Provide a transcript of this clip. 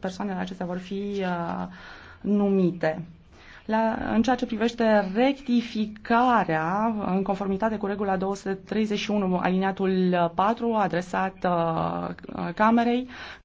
persoanele acestea vor fi uh, numite. La, în ceea ce privește rectificarea, în conformitate cu regula 231 aliniatul 4 adresat uh, Camerei,